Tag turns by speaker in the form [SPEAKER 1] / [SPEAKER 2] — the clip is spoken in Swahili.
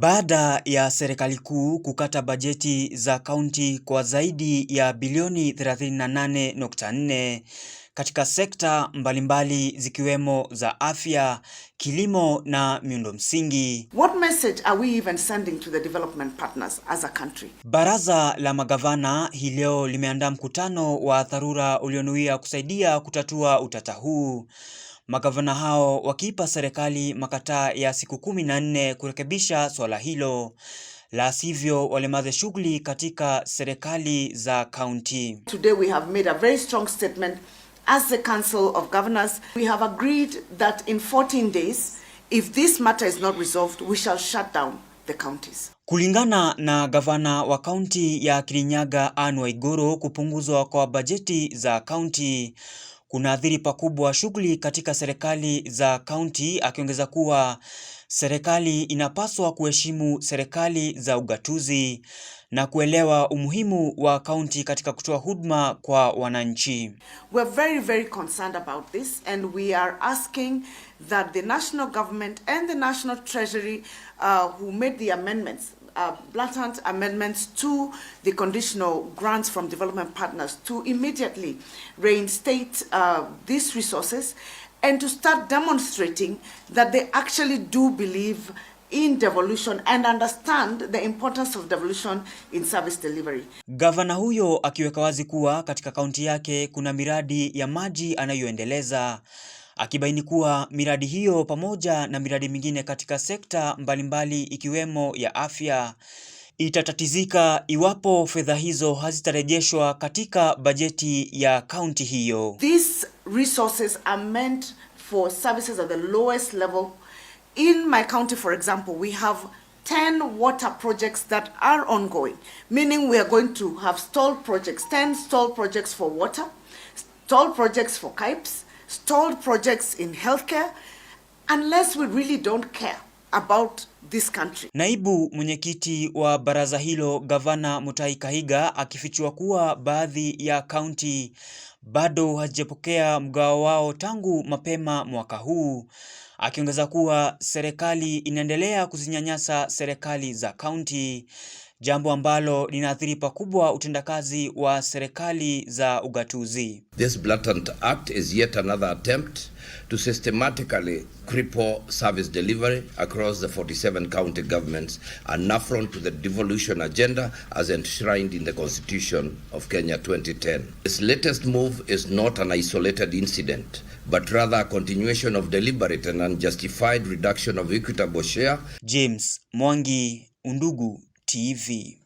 [SPEAKER 1] Baada ya serikali kuu kukata bajeti za kaunti kwa zaidi ya bilioni 38.4 katika sekta mbalimbali zikiwemo za afya, kilimo na miundo msingi.
[SPEAKER 2] What message are we even sending to the development partners as a country?
[SPEAKER 1] Baraza la magavana hii leo limeandaa mkutano wa dharura ulionuia kusaidia kutatua utata huu. Magavana hao wakiipa serikali makataa ya siku kumi na nne kurekebisha swala hilo, la sivyo walemaze shughuli katika serikali za kaunti.
[SPEAKER 2] Today we have made a very strong statement as the Council of Governors. We have agreed that in 14 days if this matter is not resolved we shall shut down the counties.
[SPEAKER 1] Kulingana na gavana wa kaunti ya Kirinyaga Anne Waiguru kupunguzwa kwa bajeti za kaunti kunaathiri pakubwa shughuli katika serikali za kaunti, akiongeza kuwa serikali inapaswa kuheshimu serikali za ugatuzi na kuelewa umuhimu wa kaunti katika kutoa huduma kwa wananchi.
[SPEAKER 2] We are very very concerned about this and we are asking that the national government and the national treasury uh, who made the amendments uh, blatant amendments to the conditional grants from development partners to immediately reinstate uh, these resources and to start demonstrating that they actually do believe in devolution and understand the importance of devolution in service delivery.
[SPEAKER 1] Gavana huyo akiweka wazi kuwa katika kaunti yake kuna miradi ya maji anayoendeleza akibaini kuwa miradi hiyo pamoja na miradi mingine katika sekta mbalimbali mbali ikiwemo ya afya itatatizika iwapo fedha hizo hazitarejeshwa katika bajeti ya kaunti hiyo.
[SPEAKER 2] These resources are meant for services at the lowest level. In my county, for example, we have 10 water projects that are ongoing, meaning we are going to have stall projects, 10 stall projects for water, stall projects for pipes, stalled projects in healthcare unless we really don't care about this country.
[SPEAKER 1] Naibu mwenyekiti wa baraza hilo Gavana Mutahi Kahiga akifichua kuwa baadhi ya kaunti bado hajapokea mgao wao tangu mapema mwaka huu, akiongeza kuwa serikali inaendelea kuzinyanyasa serikali za kaunti jambo ambalo linaathiri pakubwa utendakazi wa serikali za ugatuzi.
[SPEAKER 3] This blatant act is yet another attempt to systematically cripple service delivery across the 47 county governments, an affront to the devolution agenda as enshrined in the Constitution of Kenya 2010. This latest move is not an isolated incident but rather a continuation of deliberate and unjustified reduction of equitable share.
[SPEAKER 4] James Mwangi, Undugu TV.